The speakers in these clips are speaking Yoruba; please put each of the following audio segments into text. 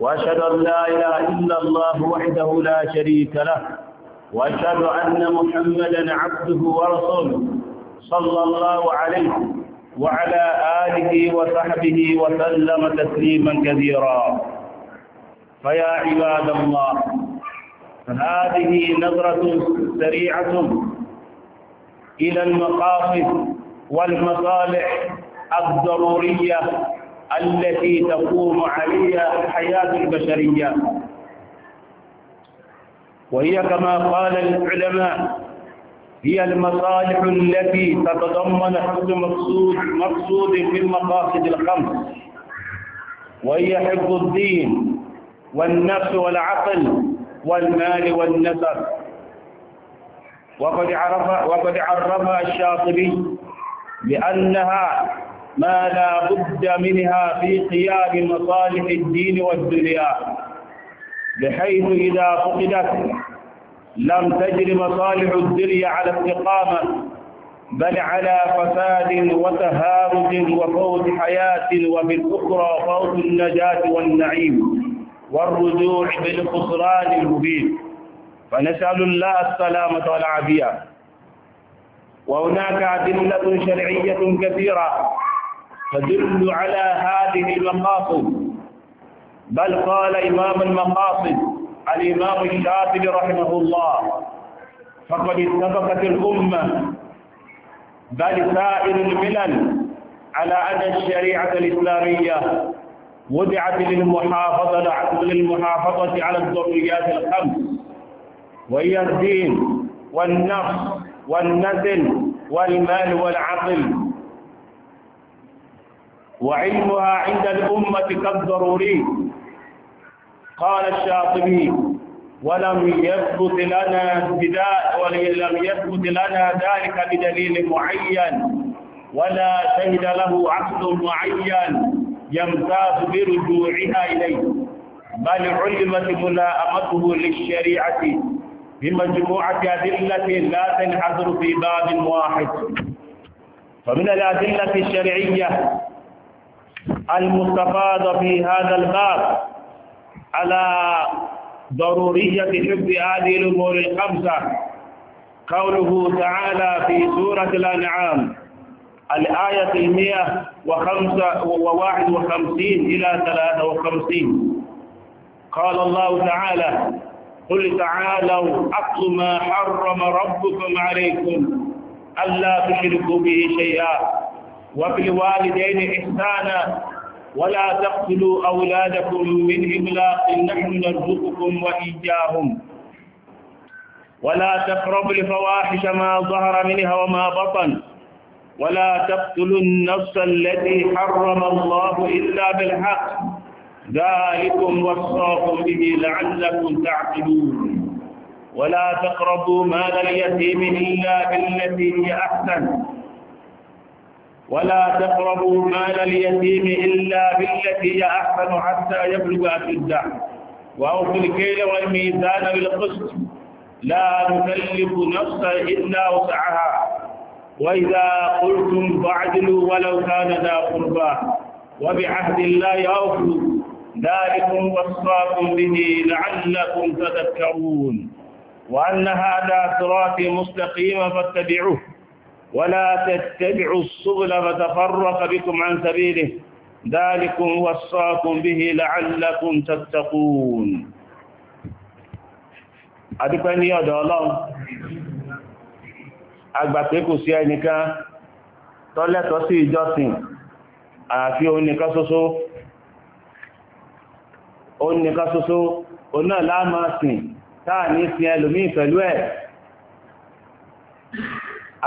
وأشهد أن لا إله إلا الله وحده لا شريك له وأشهد أن محمدا عبده ورسوله صلى الله عليه وعلى آله وصحبه وسلم تسليما كثيرا فيا عباد الله هذه نظرة سريعة إلى المقاصد والمصالح الضرورية التي تقوم عليها الحياة البشرية وهي كما قال العلماء هي المصالح التي تتضمن حفظ مقصود مقصود من مقاصد الخمس وهي حفظ الدين والنفس والعقل والمال والنسب وقد عرف وقد عرفها الشاطبي بأنها ما لا بد منها في قيام مصالح الدين والدنيا بحيث إذا فقدت لم تجر مصالح الدنيا على استقامة بل على فساد وتهارج وفوت حياة ومن أخرى فوت النجاة والنعيم والرجوع بالخسران المبين فنسأل الله السلامة والعافية وهناك أدلة شرعية كثيرة تدل على هذه المقاصد بل قال إمام المقاصد الإمام الشافعي رحمه الله فقد اتفقت الأمة بل سائر الملل على أن الشريعة الإسلامية وضعت للمحافظة للمحافظة على الضروريات الخمس وهي الدين والنفس والنسل والمال والعقل وعلمها عند الأمة كالضروري قال الشاطبي ولم يثبت لنا ولم يثبت لنا ذلك بدليل معين ولا شهد له عقد معين يمتاز برجوعها إليه بل علمت ملاءمته للشريعة بمجموعة أدلة لا تنحصر في باب واحد فمن الأدلة الشرعية المستفاد في هذا الباب على ضرورية حب هذه الأمور الخمسة قوله تعالى في سورة الأنعام الآية المئة وخمسة وواحد وخمسين إلى ثلاثة وخمسين قال الله تعالى قل تعالوا أقل ما حرم ربكم عليكم ألا تشركوا به شيئا وبالوالدين إحسانا ولا تقتلوا أولادكم من إملاق نحن نرزقكم وإياهم ولا تقربوا الفواحش ما ظهر منها وما بطن ولا تقتلوا النفس التي حرم الله إلا بالحق ذلكم وصاكم به لعلكم تعقلون ولا تقربوا مال اليتيم إلا بالتي هي أحسن ولا تقربوا مال اليتيم إلا بالتي هي أحسن حتى يبلغ أشده وأوفوا الكيل والميزان بالقسط لا نكلف نفسا إلا وسعها وإذا قلتم فاعدلوا ولو كان ذا قربى وبعهد الله أوفوا ذلكم وصاكم به لعلكم تذكرون وأن هذا صراطي مستقيما فاتبعوه ولا تتبعوا السبل فتفرق بكم عن سبيله ذلك وصاكم به لعلكم تتقون adúpẹ́ ní ọ̀dọ̀ ọlọ́run àgbà pé kò sí ẹnìkan tó lẹ́tọ̀ọ́ sí ìjọsìn àyàfi òun nìkan ṣoṣo òun nìkan ṣoṣo òun náà láàmà sìn táà ní sin ẹlòmí pẹ̀lú ẹ̀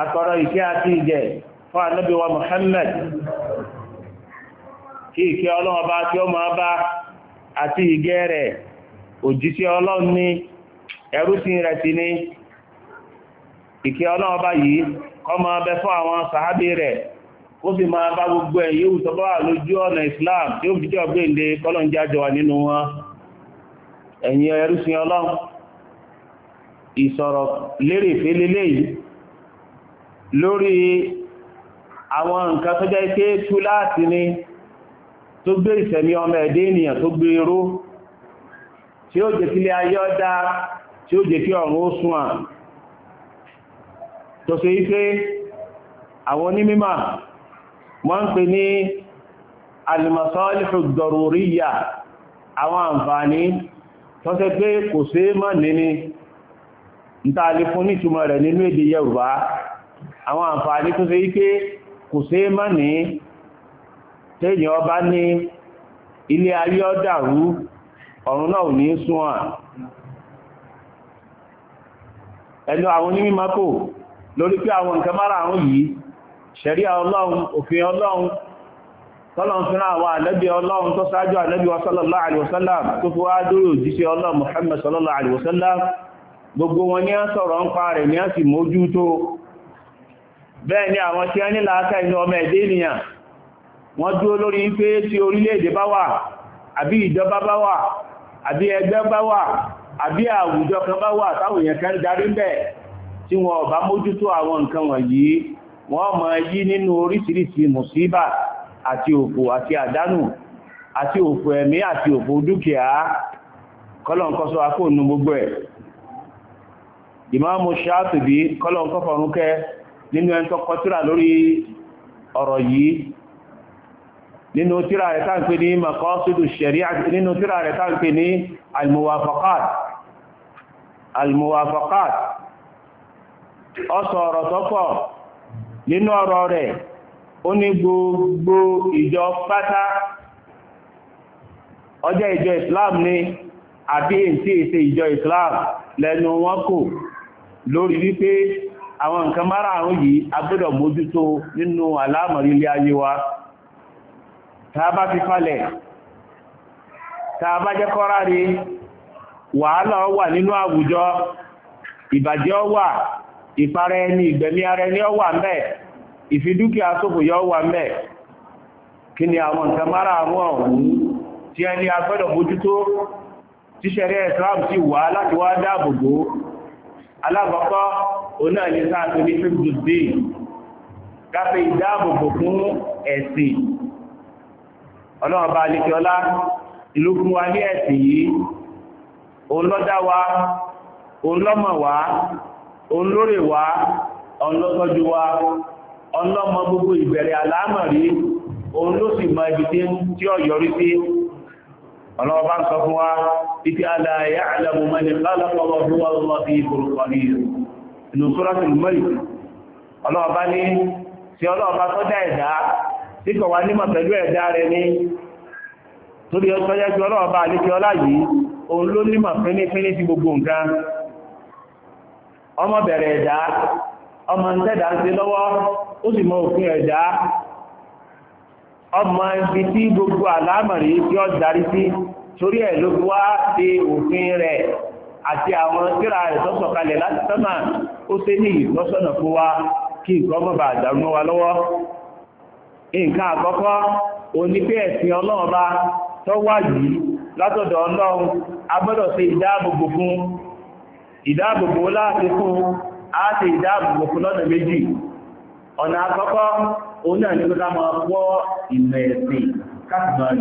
Akọrọ ìkẹ́ àti ìjẹ fún anọbi wa Muhammad kí ìkẹ́ ọlọ́run bá tí ó máa bá àti ìgẹ́ rẹ̀ òjíṣẹ́ ọlọ́run ní ẹrúsìn rẹ̀ sí ní ìkẹ́ ọlọ́run bá yìí máa bẹ fún àwọn sàábì rẹ̀ ó fi máa gbogbo ẹ̀ Islam tí ó fi lórí àwọn nǹkan tó jẹ́ pé tú láti ní tó gbé ìsẹ̀mí ọmọ ẹ̀dẹ́ ènìyàn tó gbé ró tí ó jẹ́ kí lé ayọ́ ọdá tí ó jẹ́ kí ọ̀run ó sún à tó ṣe wípé àwọn onímímà wọ́n ń pè ní alìmọ̀sọ́lẹ̀fẹ̀ mọ́ àwọn àǹfààní tó ṣe wípé kò ṣe é mọ́ ní tẹ́yìn ọba ní ilé ayé ọ̀dàrú ọ̀run náà ò ní súnwọ̀n ẹnu àwọn onímọ̀ kò lórí pé àwọn nǹkan mara àwọn yìí ṣẹ̀rí ọlọ́run òfin ọlọ́run tọ́lọ̀n fínra àwọn ànábì ọlọ́run tó fi ni a sọ̀rọ̀ ń pa rẹ̀ ni a sì mójú tó bẹ́ẹ̀ ni àwọn tí wọ́n ní láàáká inú ọmọ ẹ̀dẹ́ ènìyàn wọ́n dúró lórí pé tí orílẹ̀-èdè bá wà àbí ìjọba bá wà àbí ẹgbẹ́ bá wà àbí àwùjọ kan bá wà táwọn èèyàn kan darí ń bẹ̀ tí wọn ò bá mójútó àwọn nǹkan wọ̀nyí wọ́n mọ̀ yí nínú oríṣiríṣi mùsíbà àti òfò àti àdánù àti òfò ẹ̀mí àti òfò dúkìá kọ́lọ̀nkọ́sọ́ akóònú gbogbo ẹ̀ ìmáàmù Ṣáàtìbí kọ́lọ̀nkọ́fọ̀rúnkẹ́ nínú ẹni tó kọ tírà lórí ọ̀rọ̀ yìí nínú tírà rẹ̀ tá ń pè ní maqasidu sharia nínú tírà rẹ̀ tá ń pè ní al-muwafaqat al-muwafaqat ọsọ ọ̀rọ̀ tọ́pọ̀ nínú ọ̀rọ̀ rẹ̀ ó ní gbogbo ìjọ pátá ọjọ́ ìjọ islam ni àbí èyí tí èsè ìjọ islam lẹ́nu wọn kò lórí wípé àwọn nǹkan mara àrùn yìí agbọ́dọ̀ mójútó nínú aláàmọ̀rí ilé ayé wa fi falẹ̀ tàbá jẹ́ kọ́rá rí wàhálà wà nínú àwùjọ ìbàjẹ́ wà ìparẹ ẹni ìgbẹ̀mí ara ẹni wà mẹ́ ìfidúkìá sófò yọ wà mẹ́ kí ni àwọn nǹkan mara àrùn ọ̀hún tí ẹni agbọ́dọ̀ mójútó tíṣẹ̀rẹ́ Islam ti wà láti wá dáàbòbò alábọ̀kọ́ òun náà ní sáàtò ní fífùdé káfẹ́ ìdáàbòbò fún ẹ̀sìn ọlọ́ọ̀bá alékiọlá ìlú fún wa ní ẹ̀sìn yìí òun lọ́dá wa òun lọ́mọ̀ wa òun lórè wa òun lọ́tọ́jú wa òun lọ́mọ gbogbo ìbẹ̀rẹ̀ àlámọ̀rí òun ló sì mọ ibi tí ó yọrí sí ọlọ́ọ̀bá ń sọ fún wa títí aláyà àlàmùmọ́ni lálàpọ̀ wọ́n fún wa lọ́wọ́ sí ìfòrùkọ̀ ní ìrù inú sọ́rọ́sì mọ́rì ọlọ́ọ̀bá ní tí ọlọ́ọ̀bá tó dá ẹ̀dá tí kò wá nímọ̀ pẹ̀lú ẹ̀dá rẹ ní torí ọjọ́ yẹ́ tí ọlọ́ọ̀bá àlékí ọlá yìí òun ló nímọ̀ fínífíní ti gbogbo nǹkan ọmọ bẹ̀rẹ̀ ẹ̀dá ọmọ ń tẹ́dà ń ṣe lọ́wọ́ ó sì mọ òfin ẹ̀dá ọmọ ibi tí gbogbo àlámọ̀rí tí ó darí sí torí ẹ̀ ló wá ṣe òfin rẹ̀ àti àwọn tíra rẹ̀ tọ́sọ̀ kalẹ̀ láti sánmà ó ní fún wa kí nǹkan mọ́bà àdàrúmọ́ wa lọ́wọ́ nǹkan àkọ́kọ́ òní ẹ̀sìn ọlọ́run bá tọ́wà yìí látọ̀dọ̀ ọlọ́run agbọ́dọ̀ ṣe ìdáàbòbò fún ìdáàbòbò láti fún ká máa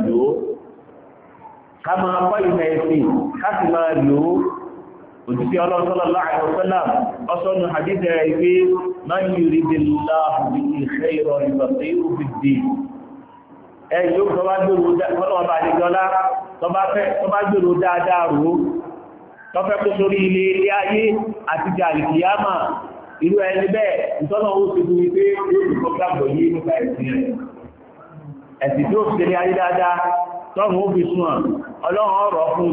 ẹ̀sìn ká máa òtítí ọlọ́sọ́lọ́ láàrin ọ̀sẹ́lá ọsọ́nù àdídẹ̀ ìwé iwe ń yìí ríbi láàbí ìṣẹ́ ìrọ̀ ẹ kó sórí ilé ilé ayé àti jàrìkìyàmà ẹni bẹ́ẹ̀ ìtọ́nà ti pé yóò nípa rẹ̀ fi ayé dáadáa ó fi ọlọ́run ọ̀rọ̀ fún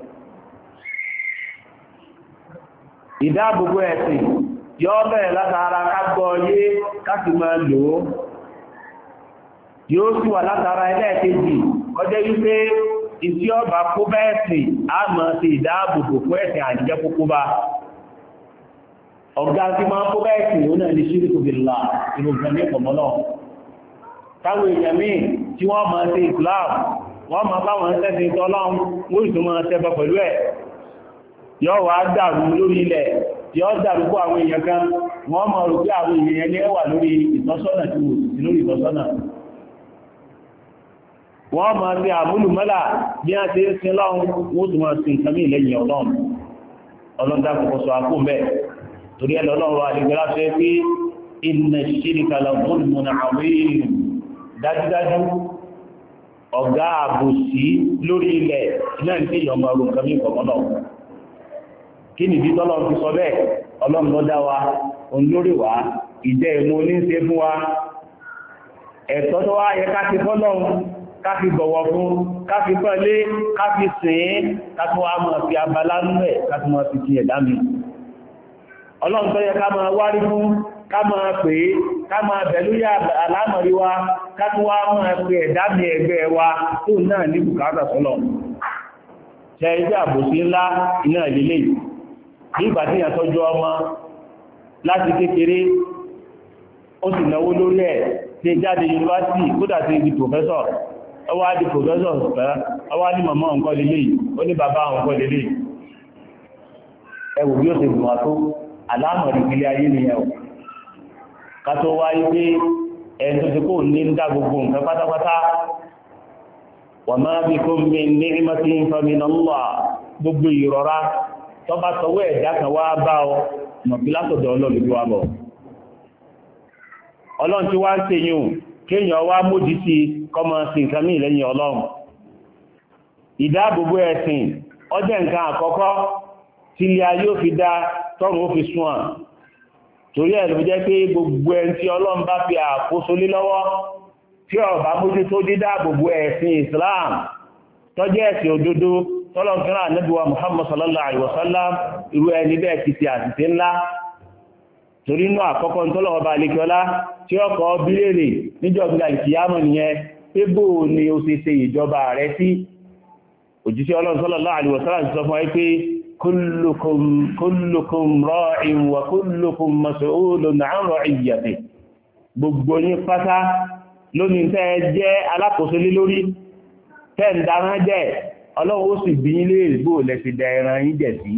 ìdáàbòbò ẹ̀sìn yọ́ bẹ̀rẹ̀ látara kágbọ́ yé káàkiri máa lò ó yóò sì wà látara ẹlẹ́ẹ̀kejì kọjẹ́ wípé ìsí ọba kó bá ẹ̀sìn a mọ̀ sí ìdáàbòbò fún ẹ̀sìn àjíjẹ́ kókó bá ọ̀gá tí máa kó bá ẹ̀sìn ó náà ní ṣírí kòbìlà ìrògbọ̀n yọ́ wà dàrú lórí ilẹ̀ yọ́ dàrú kó àwọn èèyàn kan wọ́n mọ̀ rò pé àwọn èèyàn ní ẹwà lórí ìtọ́sọ́nà tí wò sí lórí ìtọ́sọ́nà wọ́n mọ̀ sí àmúlùmọ́là bí a ti ń sin lọ́run wó tún máa sin nǹkan mí lẹ́yìn ọlọ́run ọlọ́dà kò sọ àkó bẹ́ẹ̀ torí ẹ̀ lọ́lọ́run àdìgbò láfẹ́ pé inna ṣíríkà lọ́gbọ́n mọ̀nà àwọn èèyàn dájúdájú ọ̀gá àbòsí lórí ilẹ̀ náà ní ìyọ̀mọ̀ ọ̀rùn kan mí kọ̀ọ̀kan náà kí nìdí tọ́lọ́run fi sọ bẹ́ẹ̀ ọlọ́run wa òun lórí wa ìjẹ́ ìmú oníṣe fún wa ẹ̀tọ́ tó wá yẹ ká ti fọ́lọ́run ká fi bọ̀wọ̀ fún ká fi pẹ̀lé ká fi sìn ká tó wá mọ̀ fi abala nílẹ̀ ká tó mọ̀ fi ti ẹ̀dá mi ọlọ́run tó ṣe iṣẹ́ àbòsí ńlá iná ìlélẹ́yìí ìgbà tí ìyàtọ́jú ọmọ láti kékeré ó sì náwó lórí ẹ̀ tí jáde yunifásitì kódà sí ibi professor ọwá di professor pẹ́ ọwá ní màmá ọ̀nkọ́ lélé ó ní bàbá ọ̀nkọ́ lélé ẹwù bí ó sì gbùnwà tó aláàmọ̀ ayé o ní tó bá sọwọ́ ẹ̀dá kan wá bá ọ mọ̀bí látọ̀dọ̀ ọlọ́lùdó wa bọ̀ ọlọ́run tí wá ń ṣe yìí kéèyàn wá mójú sí kọmọ sí nǹkan mí lẹ́yìn ọlọ́run ìdáàbòbò ẹ̀sìn ọjẹ́ nǹkan àkọ́kọ́ tí ilé ayé ò fi dá tọ́run ó fi sún àn torí ẹ̀ ló jẹ́ pé gbogbo ẹni tí ọlọ́run bá fi àkóso lé lọ́wọ́ tí ó bá dídáàbòbò ẹ̀sìn Islam tọ́jẹ́ ẹ̀sìn òdodo tọ́lọ̀fẹ́ràn anábíwa Muhammad sallallahu alaihi wasallam irú ẹni bẹ́ẹ̀ ti ti àtìtì ńlá torí inú àkọ́kọ́ tọ́lọ̀ọba alẹ́kọ́lá tí ó kọ́ bílèrè níjọba ìkìyàmọ̀ nìyẹn pé bó ni ó ṣe ṣe ìjọba rẹ̀ sí òjíṣẹ́ Ọlọ́run sallallahu alaihi wasallam sọ fún ẹ pé kullukum kullukum ra'in wa kullukum mas'ulun 'an ra'iyyatihi gbogbo ọlọ́run ó sì bí ilé ìrìbò lẹ́ti da ẹran yín jẹ̀ sí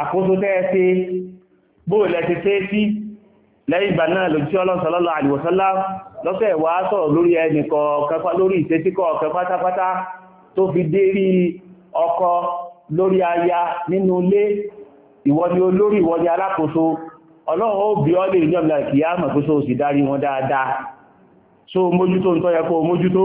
àkóso tẹ́ẹ̀ṣe bó lẹ́ti tẹ́ sí lẹ́yìn ìgbà náà ló tí ọlọ́run sallallahu alaihi wasallam lọ́sẹ̀ wá sọ̀rọ̀ lórí ẹnì kọ̀ọ̀kan lórí ìṣesí kọ̀ọ̀kan pátápátá tó fi dérí ọkọ lórí aya ni olórí ìwọ ni alákòóso ọlọ́run ìkìyà mọ̀ pé so sì darí wọn dáadáa so mójútó ń tọ́ yẹ kó mójútó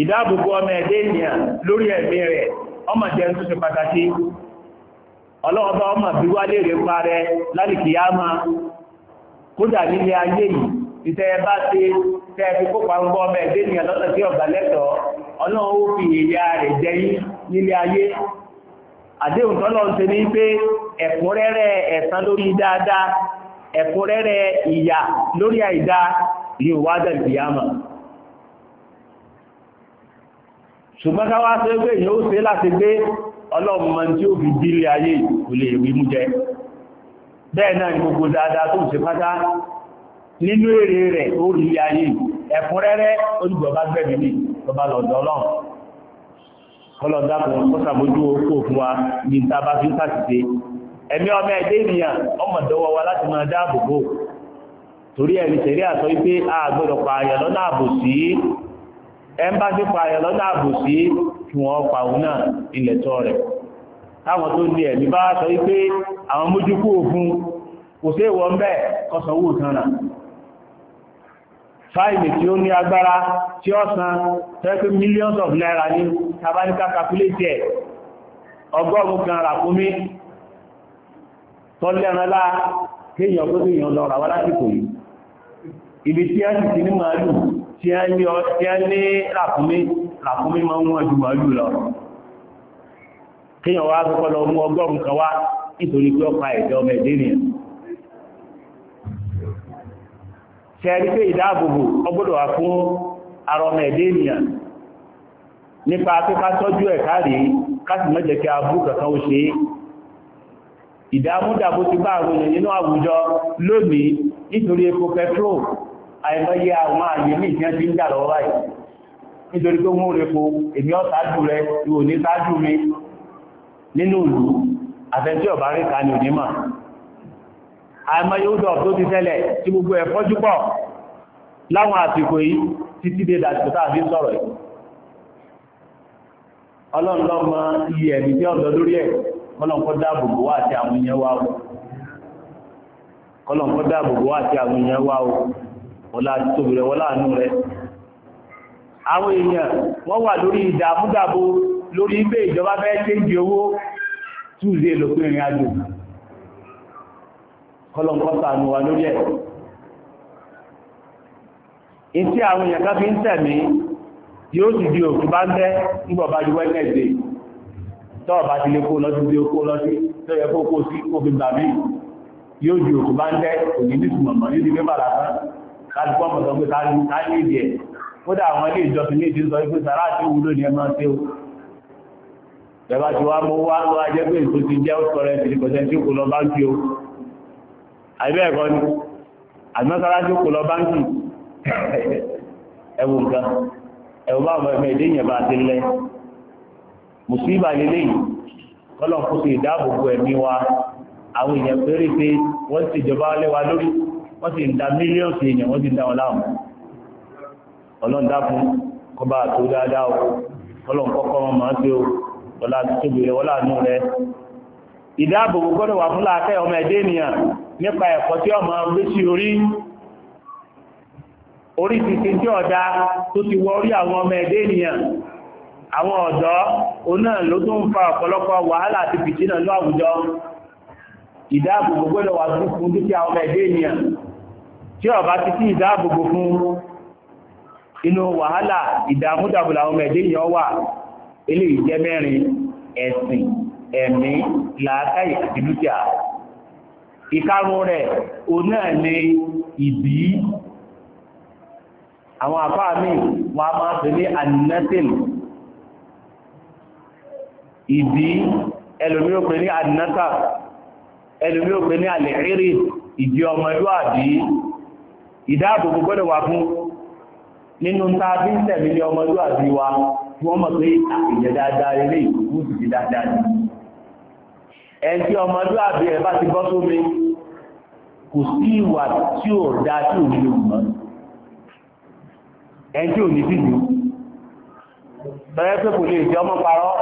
ìdáàbòbò ọmọ ẹ̀dẹ́ ènìyàn lórí ẹ̀mí rẹ̀ ọmọ jẹ́ tó ṣe pàtàkì ọlọ́ọ̀bá ọmọ bí wá lè rẹ̀ parẹ́ lálìkìyàmá kódà nílé ayé yìí ìtẹ́ bá ṣe tẹ́ nílé ayé àdéhùn tọ́lọ́ ń ṣe ní pé ẹ̀kúnrẹ́rẹ́ ẹ̀san ìyà lórí àìdá yóò ṣùgbọ́n ká wá sí pé èyàn ó ṣe láti gbé ọlọ́mọ tí ó fi dílé ayé kò lè rí mú jẹ bẹ́ẹ̀ náà ni gbogbo dáadáa tó ń ṣe pátá nínú èrè rẹ̀ ó rí ilé ayé ẹ̀kúnrẹ́rẹ́ olùgbọ̀bá gbẹ̀mí ní ọba lọ́dọ̀ ọlọ́run kọlọ̀dá kan kó sàmójú okó fún ẹ̀mbá sí pààyàn lọ́dá àbòsí kí wọ́n pàwọn náà ilẹ̀ tọ́ rẹ̀ táwọn tó ní ẹ̀mí bá sọ wípé àwọn mójúkú òfin kò sí ìwọ̀ ń bẹ́ kọsànwó sanra fáìlì tí ó ní agbára tí ó san tẹ́kù millions of naira ní tabanika calculate ẹ̀ ọgọ́rùn kan ràkúnmí tọ́lẹ́ranlá kéèyàn tó lọ rà lásìkò yìí ibi tí a sì ti ní màálù tí ẹ ní ràkúnmí ràkúnmí ma ń wọ́n ju màálù lọ kíyàn wá kọ́kọ́ lọ mú ọgọ́rùn kan wá nítorí pé ọpa ẹ̀dọ́ ọmọ ẹ̀dẹ́ nìyàn tí ẹ rí pé ìdáàbòbò ọgbọ́dọ̀ wà fún ara ọmọ ẹ̀dẹ́ nìyàn nípa pípa tọ́jú ẹ̀ káàrí káàsì mẹ́jẹ̀ kí abú kankan ó ṣe ìdàmúdàbò ti bá àwọn èèyàn nínú àwùjọ lónìí nítorí epo petrol àìmọye àwọn àyè ní ìfẹ́ ti ń jà lọ́wọ́ báyìí nítorí pé wọ́n rẹ̀ po èmi ọ̀sáájú rẹ̀ ìwò ní sáájú mi nínú ìlú àfẹ́sí ọ̀bá rí ká ní onímọ̀ àìmọye ó dọ̀ tó ti tẹ́lẹ̀ tí iye ẹ̀mí tí ọ̀dọ́ lórí ẹ̀ kọ́lọ̀kọ́ dáàbòbò wá àti àwọn ìyẹn wá o ọlá tóbi rẹ̀ wọ́lá àánú rẹ̀ àwọn èèyàn wọ́n wà lórí ìdàmúdàbò lórí ibé ìjọba fẹ́ tẹ́jì owó túnzé lòpin ìrìn àjò kọlọ̀nkọ́ta àánú wa lórí ẹ̀ ìtí àwọn èèyàn kan fi ń tẹ̀mí yóò sì di òkú bá ń tẹ́ nígbọ̀bá ju wẹ́nẹ̀dẹ̀ tọ́ọ̀bá ti lè kó lọ sí kó lọ sí tó yẹ kó kó sí kó fi yóò di òkú bá ń tẹ́ òní nìtùmọ̀mọ̀ yóò di pé bàlá kan kálùkọ́ mọ̀ sọ pé káyé ìdí ẹ̀ kódà àwọn ilé ìjọsìn ní ìdí sọ pé sàrá àti wúlò ní ẹmọ tí ó bẹ̀bá ti wá mọ́ wá lọ́wọ́ ajẹ́ pé èso ti jẹ́ ọ̀sọ̀rẹ́ ti kọ̀ṣẹ́ tí kò lọ báńkì o àbẹ́ ẹ̀kọ́ ni àdínọ́sára tí kò lọ báńkì ẹwù àwọn èèyàn péréte wọ́n ti jọba lẹ́wa lórí wọ́n sì ń da mílíọ̀nsì èèyàn wọ́n sì ń dá wọn láàmú ọlọ́ndá fún kọba àtò dáadáa o ọlọ́nkọ́kọ́ wọn máa ń ṣe o ọlá tóbi rẹ wọ́lá nù rẹ ìdáàbòbò gbọ́dọ̀ wà fún láàkẹ́ ọmọ ẹ̀dẹ́ ènìyàn nípa ẹ̀kọ́ tí ọmọ gbé sí orí orí títí tí ọ̀dá tó ti wọ orí àwọn ọmọ ẹ̀dẹ́ ènìyàn àwọn ọ̀dọ́ oná ló tó ń fa ọ̀pọ̀lọpọ̀ wàhálà àti fìtínà ní àwùjọ ìdáàbòbò gbọ́dọ̀ wà fún dúkìá ọmọ ẹ̀dẹ́ ènìyàn tí ọba ti sí ìdáàbòbò fún inú wàhálà ìdààmúdàbòlà ọmọ ẹ̀dẹ́ ìyàn wà eléyìí jẹ́ mẹ́rin ẹ̀sìn ẹ̀mí làákàyè àti dúkìá ìkarun rẹ̀ o náà ni ìbí àwọn àfáà míì wọ́n a máa pè ní annatin ìbí ẹlòmí ó ní annata ẹlòmí ó pè ní àlẹ̀rírí ìdí ọmọlúwàbí ìdáàbòbò gbọ́dọ̀ wà fún nínú ta bí ń tẹ̀mí ní ọmọdé àti wa tí wọ́n mọ̀ pé ìyẹ̀ dáadáa ilé ìkú sì ti dáadáa ni ẹn tí ọmọdé àbí ẹ̀ bá ti bọ́ sómi kò sí ìwà tí ò dá tí ò nílò mọ́ ẹn tí ò ní dìbò bẹ́ẹ̀ pé kò lè jẹ́ ọmọ parọ́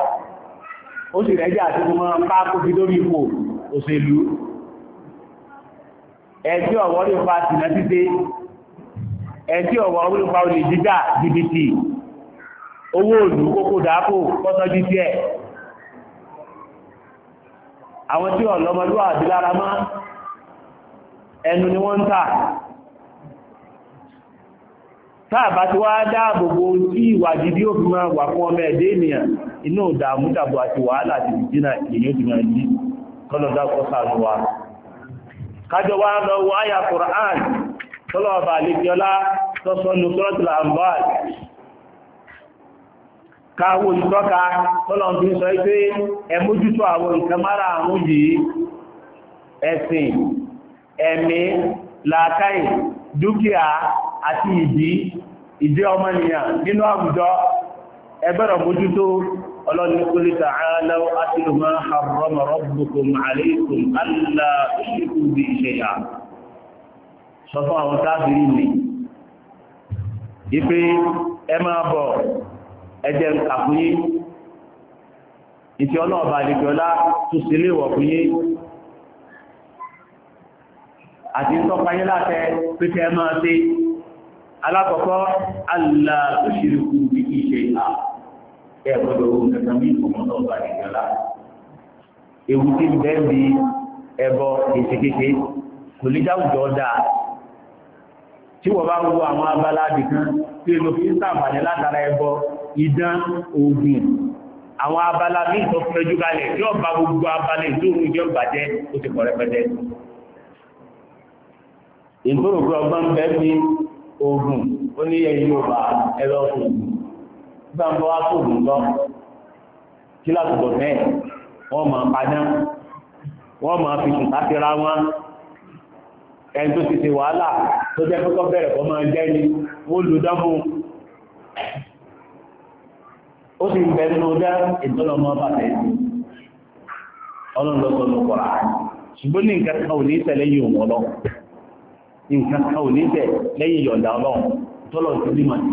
ó sì rẹ́jà àti ẹ̀tí ọ̀wọ́ rí pa tìnà títẹ́ ẹ̀tí ọ̀wọ́ rí pa olè jíjà jìbìtì owó òlù kókó dàápò kọ́sọ́jú tí ẹ̀ àwọn tí ọ̀lọ́mọlúwà àti lára máa ẹnu ni wọ́n ń tà táàbá ti wá dáàbòbò tí ìwà jìdí òfin máa wà fún ọmọ ẹ̀dẹ́ ènìyàn inú ìdààmú dàbò àti wàhálà àti ìjìnà èyí ó ti máa jí kọ́lọ̀dá kọ́sà lọ́wọ́ kájọ wá lọ wọ àyà Qur'an tọ́lọ̀ ọba àlejọ́lá tọ́sọ́ ní sọ́rọ̀tìlà ka ìtọ́ka tọ́lọ̀ ń fi sọ pé ẹ àwọn nǹkan mára yìí ẹ̀sìn ẹ̀mí làákàyè dúkìá àti ìdí ìdí ọmọnìyàn nínú ọlọ́ni kúlì tààlà átìlù máa harrama rabbukum alaykum alla tushriku bi shay'a sọ fún àwọn káàkiri mi ipe ẹ máa bọ̀ ẹjẹ́ nkàkúnyí ìtì ọlọ́ọ̀bà àdìgbọ́lá tó sì lè wọ̀ fún yín àti tọ́payé látẹ pípẹ́ máa ṣe alákọ̀ọ́kọ́ alla tushriku bi shay'a ẹ gbọ́dọ̀ owó kankan bí ìfòmọtò ọba nìkanlá ewu tí ń bẹ ń bi ẹbọ ètèkété kò lè dáwùjọ dáa tí wọ́n bá ń wo àwọn abala nìkan tí èlò fi ń sàǹfààní látara ẹbọ idán oògùn àwọn abala míì tó fẹjú kalẹ̀ tí ọba gbogbo abala ìlúrun jẹ́ ìbàjẹ́ ó ti kọ̀ rẹpẹtẹ. ìgbòrògbò ọgbọ́n bẹ́ẹ̀ ní oògùn ó ní ẹ̀yìn ọba ẹlọ́ọ̀gùn gbàǹbọ̀ wá kò ní lọ kí látọ̀tọ̀ bẹ́ẹ̀ wọ́n máa padà wọ́n máa fi sùn sátira wọn ẹni tó ti ṣe wàhálà tó jẹ́ kọ́kọ́ bẹ̀rẹ̀ kọ́ máa jẹ́ ni ó lù dámú ó sì ń bẹ nínú dá ìtọ́lọ́mọ bàtẹ́ ọlọ́lọ́sọ̀nù kọ̀rọ̀ ṣùgbọ́n ní nǹkan kan ò ní tẹ̀ lẹ́yìn òun ọlọ́run nǹkan kan ò ní tẹ̀ lẹ́yìn ìyọ̀ǹda ọlọ́run tọ́lọ̀ tó ní màtí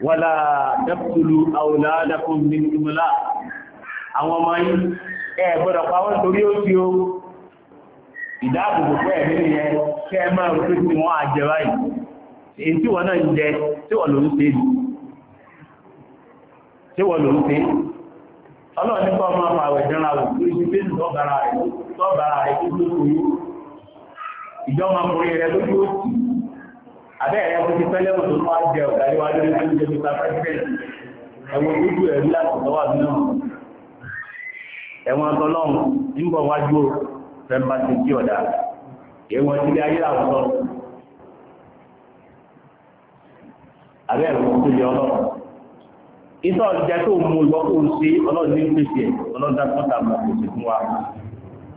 wala taqtulu awladakum min imlaq àwọn ọmọ yìí ẹ gbọ́dọ̀ pa wọ́n torí ó ti o ìdáàbòbò pẹ́ ẹ̀mí nìyẹn kẹ́ ẹ máa rò pé tí wọ́n á jẹ báyìí èyí tí wọ́n náà ń jẹ tí abẹ́ ẹ̀yà kò ti pẹ́lẹ́ òtò tó wá jẹ ọ̀gá yíwá lórí tó ń jẹ mr president ẹ̀wọ̀n gbogbo ẹ̀rí àtọ̀lọ́wà náà ẹ̀wọ̀n ọ̀tọ̀lọ́run ń bọ̀ wájú o fẹ́mbà ti kí ọ̀dà ẹ̀wọ̀n ti lé ayé àwùjọ abẹ́ ẹ̀wọ̀n tó lé ọlọ́run ìtọ́ ìjà tó mú ìwọ́ kó ń ṣe ọlọ́run ní pèsè ọlọ́run dá kọ́ta mọ̀ kò sì fún wa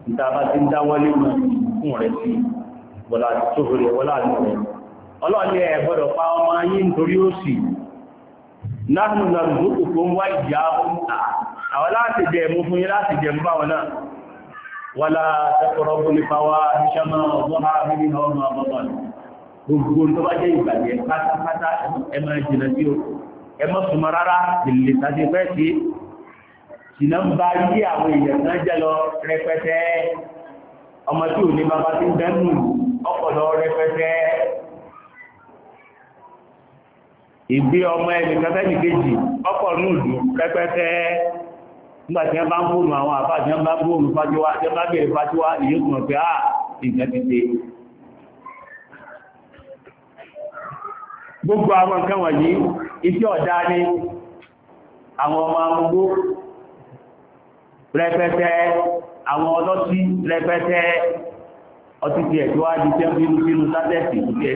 níta bá ti ń dáwọ́lé mọ̀ fún rẹ̀ sí bọ́lá tó rẹ̀ wọ́lá àdúrà ọlọ́ọ̀ni ẹ̀ gbọ́dọ̀ pa ọmọ ayé nítorí òṣì náà nà lùdókù tó ń wá ìjà ọ̀pá àwọn láti jẹ mú fún yí láti jẹ mú báwọn náà wà látẹ́kọ̀rọ̀ bó lè fáwá iṣẹ́ máa ọgbọ́n ààrẹ nínú ọmọ ọmọbọ̀n gbogbo tó bá jẹ́ ìgbàgbẹ́ pátápátá ẹmọ ìjìnà sí o ẹmọ súnmọ́ rárá ìlè tàbí pẹ́ sí ìná ń bá yí àwọn èèyàn náà jẹ́ lọ rẹpẹtẹ ọmọ tí ò ní bàbá tí ń bẹ́ẹ̀ nù ọpọlọ rẹpẹtẹ ìgbé ọmọ ẹni kẹfẹ́ni kejì ọkọ̀ núùdù pẹ́pẹ́tẹ́ nígbàtí wọ́n bá ń fóònù àwọn àbá tí wọ́n bá bóònù fájúwá tí wọ́n bá bèèrè fájúwá ìyó tún ọ̀pẹ́ à ìjẹ́ ti dé gbogbo àwọn nǹkan wọ̀nyí iṣẹ́ ọ̀dá ní àwọn ọmọ amúgbó rẹpẹtẹ àwọn ọlọ́tí rẹpẹtẹ ọtí tiẹ̀ tí wọ́n á di tẹ́ńbínú sínú sátẹ́ẹ̀tì tiẹ̀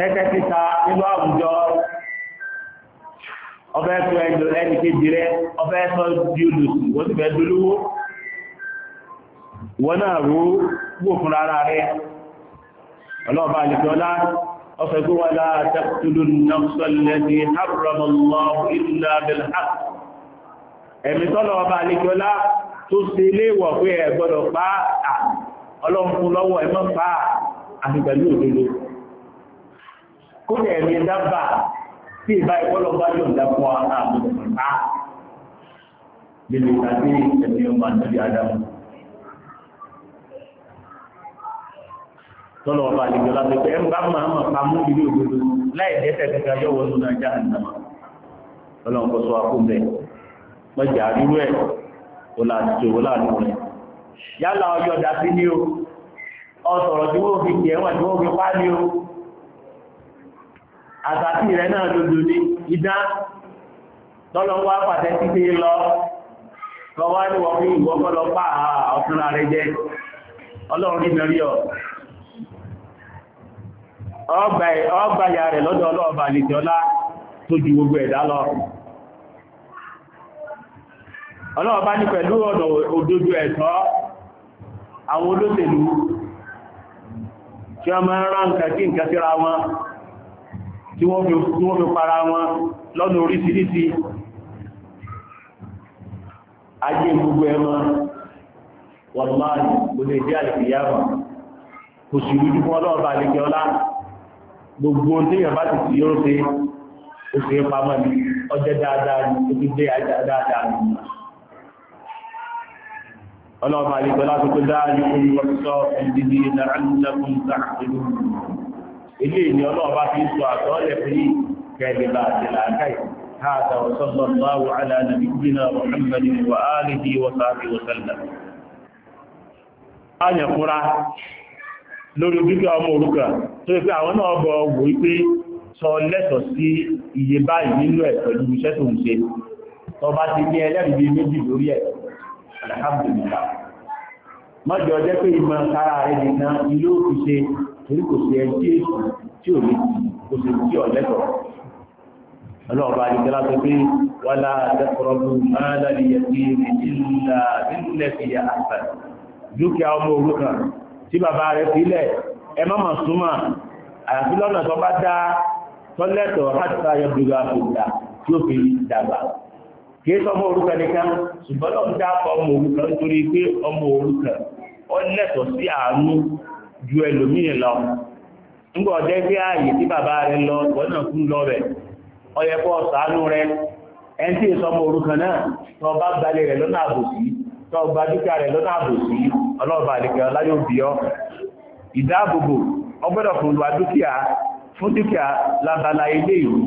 tẹ́tẹ́ títa nínú àwùjọ ọbẹ̀ tó ẹjọ ẹni kéjì rẹ ọbẹ̀ sọ di olùsù wọ́n ti fẹ́ dolówó wọ́n náà rú wò fún ara rẹ ọlọ́ọ̀bá àlejọ́lá ọfẹ́ tó wà láà tẹ́kùtùlù nọ́sọ̀lẹ́dì harramallahu kó lè rí dábà tí ìbá ìwọ́lọ̀ bá yóò dápọ̀ àbùkùnká lílè tàbí ẹ̀mí ọmọ àtàbí Ádámù. Tọ́lọ̀ ọba àlejò lábẹ́fẹ́ ń bá máa mọ̀ pa mú ilé òdodo láì dẹ́sẹ̀ kankan yóò wọ́n nínú ajá àdàmà. Tọ́lọ̀ nǹkan sọ akó bẹ̀. Mọ̀jà rírú ẹ̀ kò láti tòwó láàánú rẹ̀. àtàtì rẹ̀ náà lòdò ní ìdá tọ́lọ́wọ́ pàtẹ́ títí lọ lọ́wọ́ ní wọ́n fún ìwọ́kọ́ ọ̀túnra rẹ̀ jẹ́ ọlọ́run ọgbàyà tó gbogbo ẹ̀dá lọ ní àwọn olóṣèlú tí tí wọ́n fi para wọn lọ́nà oríṣiríṣi ayé gbogbo ẹmọ wọ̀lọ́mọ́rin kò lè jẹ́ àlèkìyàwó kò sì rújú fún ọlọ́ọ̀bá àlèkẹ́ ọlá gbogbo téèyàn bá ti sì yóò ṣe oṣù ìpamọ́ ni ọjọ́ dáadáa ni ọlọ́ọ̀bá àlèkẹ́ ọlá ilé ìní ọlọ́ọ̀bá fi ń sọ àtọ́ọ̀lẹ̀ fún yìí kẹ́lẹ̀bà àti làákàì هذا وصلى الله على نبينا محمد وآله وصحبه وسلم a yàn fúnra lórí dúkìá ọmọ òrukàn tó yẹ pé àwọn náà bọ̀ wò wípé sọ lẹ́tọ̀ sí iye báyìí nínú ẹ̀ torí kò sí ẹjí èsì tí ò lè kò sí tí ò lẹ́tọ̀ọ́ ọlọ́ọ̀bá àdìgbẹ́lá tó pé wà láàdẹ́kọ̀rọ̀ bú máa lárí ẹ̀sí ìlà nílẹ̀ fi yà àṣà dúkìá ọmọ òrukàn tí bàbá rẹ̀ sílẹ̀ ẹ má mà súnmà àyàfi lọ́nà tó bá dá tọ́lẹ́tọ̀ hátà yọdúgà àfòdà tí ó fi dàgbà kìí sọmọ òrukàn nìkan ṣùgbọ́n lọ́n dá ọmọ òrukàn nítorí pé ọmọ òrukàn ọ lẹ́tọ̀ọ́ sí àánú ju ẹlòmíì lọ ńgbọ́ ọjẹ́ pé ààyè tí bàbá rẹ lọ wọ́n lọ rẹ̀ ọyẹ pọ̀ rẹ ẹni tí ìsọmọ orúkan náà tọ bá gbalẹ̀ rẹ̀ lọ́nà àbòsí tọ gba dúkìá rẹ̀ lọ́nà àbòsí ọlọ́ọ̀bà àlèkè ìdáàbòbò ọgbọ́dọ̀ fún wa dúkìá fún dúkìá lábala ilé ìlú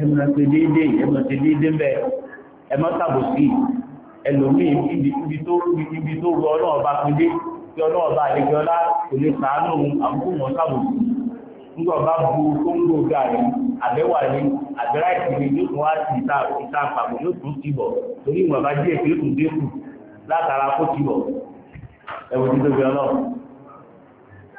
ẹmọ ṣe déédé ẹmọ ṣe déédé mẹ́ ẹmọ tàbòsí ẹlòmíì ibi ibi tó rọ ọlọ́ọ̀bá tí ọlọ́ọ̀bá kò lè sàánú àkókò gàrí àbẹ́wà àbẹ́rà yóò wá àpapọ̀ yóò tún torí ìwọ̀n bá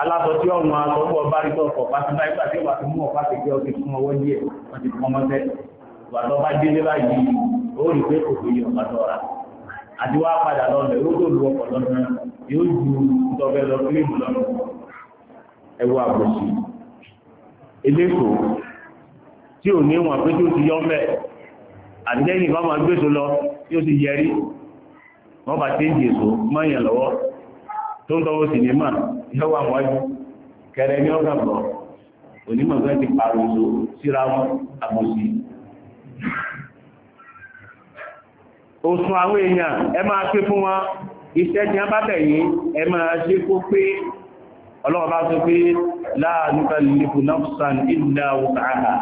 alábọ̀ tí ọmọ àtọ́wọ́ bá rí tọ́kọ̀ pàtí bá ìgbà wà ti fún ọmọdé wàtọ́ bá délé báyìí ó rí pé kò fi ọ̀pá tọ́ra àti wá padà lọ́nà yóò tó lu ọkọ̀ lọ́nà yóò ju tọ́fẹ́ lọ fílíìmù lọ́nà ẹwọ́ àbòsí eléko tí ò ní wọn pé tí ó ti yọ mẹ́ àtìlẹ́yìn bá máa gbèsò lọ tí ó ti yẹrí wọ́n bá ti ń jèso mọ́yàn lọ́wọ́ tó ń tọ́wọ́ sí ní mà yọ́wọ́ àwọn ọjọ́ kẹrẹ ní ọ̀gá bọ̀ onímọ̀ fẹ́ ti pàrọ̀sọ síra wọn àbòsí òsùn àwọn èèyàn ẹ máa pé fún wọn iṣẹ́ tí a bá bẹ̀yìn ẹ máa ṣe kó pé ọlọ́wọ́ bá tó pé láàrúkà lèfò náfsàn ìlà òtàrà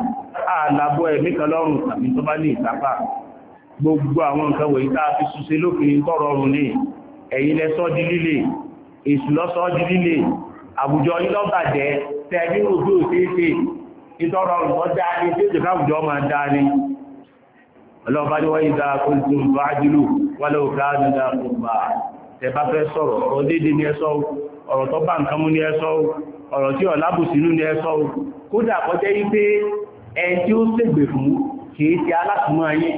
àlàbọ̀ ẹ̀mí kan tàbí tó bá ní ìtàpá gbogbo àwọn nǹkan wọ̀nyí tá a fi ṣùṣe lófin tọ́rọrùn ní ẹ̀yìn lẹ́sọ́ di líle èṣù lọ́sọ́ di líle àwùjọ yìí lọ́bàjẹ́ tẹ̀lé òbí òṣèṣe ìtọ́rọ ọ̀rọ̀ dá ní tí èdè káwùjọ máa dá ní ọlọ́ọ̀bá ní wọ́n ìdá kóńtù bá jùlù wálé òkà nígbà gbogbo tẹ̀bá fẹ́ sọ̀rọ̀ ọ̀rọ̀ dédé ní ẹsọ́ ọ̀rọ̀ tó bá nǹkan mú ní ẹsọ́ ọ̀rọ̀ tí ọ̀lábùsínú ní ẹsọ́ kódà kọjẹ́ yí pé ẹni tí ó ṣègbè fún kìí ti alásùnmọ́ ayé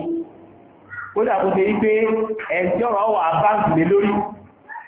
kódà kọjẹ́ yí pé ẹni tí ọ̀rọ̀ wà báńkì lé lórí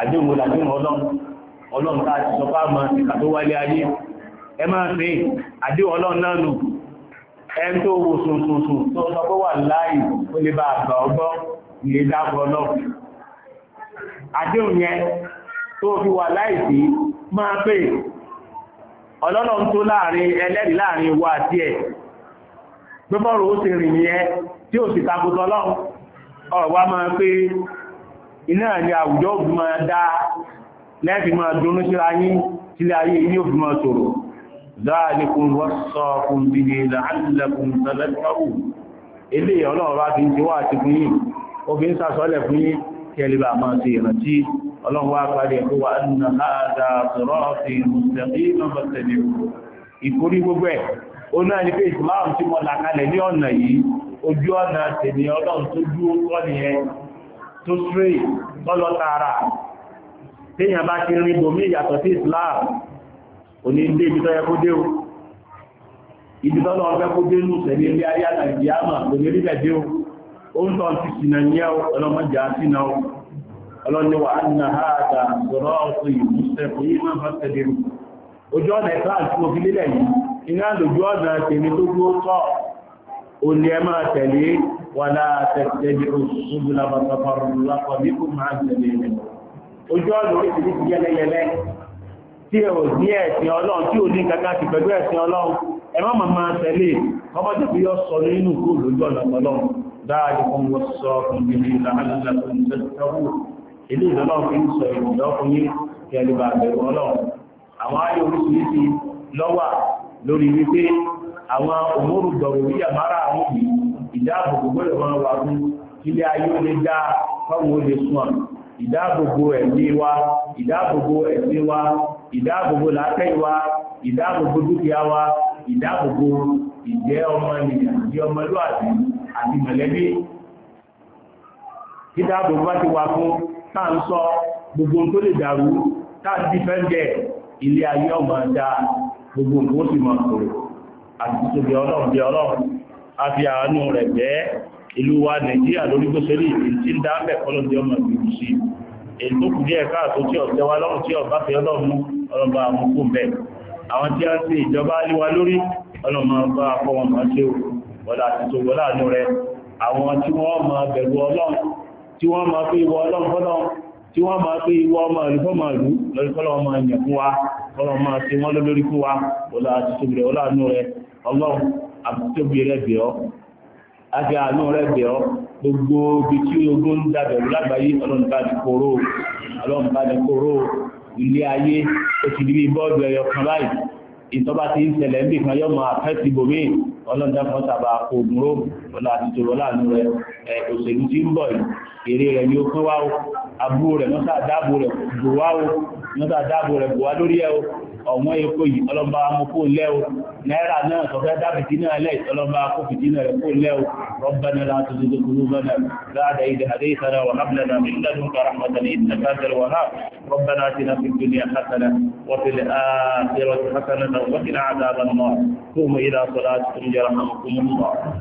àdéhùn làdéhùn ọlọ́run ọlọ́run tá a ti sọ fá mọ́ ìkà tó wálé ayé ẹ máa pé àdéhùn ọlọ́run náà nù ẹn tó wo sùnsùnsùn tó sọ pé wà láàyè ó lè bá àgbà ọgbọ́ ilé dákọ̀ ọlọ́run àdéhùn yẹn tó fi wà láìsí máa pé ọlọ́run tó láàrin ẹlẹ́rìí láàrin wa àti ẹ̀ gbẹ́bọ̀rọ̀ ó iná ni àwùjọ òbí máa dá lẹ́fì máa dúnú síra yín sílé ayé yíò fi máa tòrò dáadékun wọ́sọ̀kun bí i láàrínlẹ̀kun tẹ́lẹ̀kọ́rù ilé ọlọ́run bá fi ń ti wá àti fún yín ó fi ń sàṣọ́lẹ̀ fún yín kí ẹlẹ́bà máa ti ìrántí ọlọ́run wá parí ẹ̀kọ́ wa tí mo là ní ọ̀nà yìí ojú ọ̀nà tèmi ọlọ́run tó dúró kọ́ nìyẹn tó straight tọ́lọ tààrà téèyàn bá ti rìn bòmí ìyàtọ̀ sí Islam òní ilé ibi kó dé o ibi tọ́lọ ọgbẹ́ kó dé lùsẹ̀ ní ilé ayé nàìjíríà mà lòmí rí bẹ̀dé o ó ń tọ́ ti sinà ní ọlọ́mọjà o wa anna olè ẹ máa tẹ̀lé wàlá tẹ̀tẹ̀lé oṣù làbàtàfàrùlápọ̀ ní kò máa tẹ̀lé maa ojú ọ̀nà oríṣiríṣi tí ẹ ní ẹ̀sìn ọlọ́run tí ò ní kankan ti pẹ̀lú ẹ̀sìn ọlọ́run ẹ má tẹ̀lé ọmọdé fi yọ sọ nínú dáadé àwọn òmòrò dọ̀rọ̀wíyà mara àwọn òbí ìdáàbòbò gbọ́dọ̀ wọn wà fún ilé ayé ó lè dá fáwọn olè fún ọ̀nà ìdáàbòbò ẹ̀mí wa ìdáàbòbò ẹ̀sìn wa ìdáàbòbò làákẹ́ wa ìdáàbòbò dúkìá wa ìdáàbòbò ìjẹ́ ọmọ ènìyàn àti ọmọlúwàbí àti mọ̀lẹ́bí ìdáàbòbò bá ti wà fún táà ń sọ gbogbo tó sọ̀rọ̀ àti tóbi ọlọ́run bí ọlọ́run a fi àánú rẹ̀ bẹ́ ìlú wa nàìjíríà lórí gbóṣèlú ìlú tí ń dá bẹ̀ kọ́lọ́dé ọmọ ìlú sí èyí tó kù díẹ̀ káàtó tí ọ̀tẹ́ wa lọ́rùn tí ọba fi ọlọ́run ọlọ́ba àmúkú bẹ̀ àwọn tí a ń ṣe ìjọba aliwa lórí ọlọ́run bá kọ́ wọn máa ṣe wọlá àti tó wọ́n máa bẹ̀rù ìwọ ọlọ́run fọ́lọ́run máa pé lọ́rí kọ́lọ̀ ọmọ ìyẹ̀kún wa kọ́lọ̀ ọmọ tí wọ́n lórí fún wa ọlá àti tóbi rẹ̀ ọlá àánú rẹ̀ ọlọ́run àtúntóbi rẹ̀ bẹ̀ ọ́ àti àánú rẹ̀ bẹ̀ ọ́ gbogbo ibi tí ogun ń dàbẹ̀rù lágbàáyé ọlọ́run bá ní kóró ọlọ́run bá ní kóró ilé ayé ó ti di bí bọ́ọ̀lù ẹ̀yọ kan báyìí ìtọ́ba ti ń ṣẹlẹ̀ ń bì kan yọmọ àfẹ́ ti bòmíì ọlọ́dàpọ̀ tàbà ògúnró ọlá àtìtòrò láàánú rẹ̀ òṣèlú tí ń bọ̀ èrè rẹ̀ yóò fún wáwó abúrò rẹ̀ mọ́sá dáàbò rẹ̀ bùwáwó mọ́sá dáàbò rẹ̀ bùwá lórí ẹ̀ ọ̀wọ́n epo yìí ọlọ́ba amúkó lẹ́wọ́ náírà náà sọ̀fẹ́ dábìtì náà lẹ́ ọlọ́ba akófìtì rẹ̀ kó lẹ́wọ́ ربنا لا تزغ قلوبنا بعد إذ هديتنا وهب لنا من لدنك رحمة إنك يرحمكم الله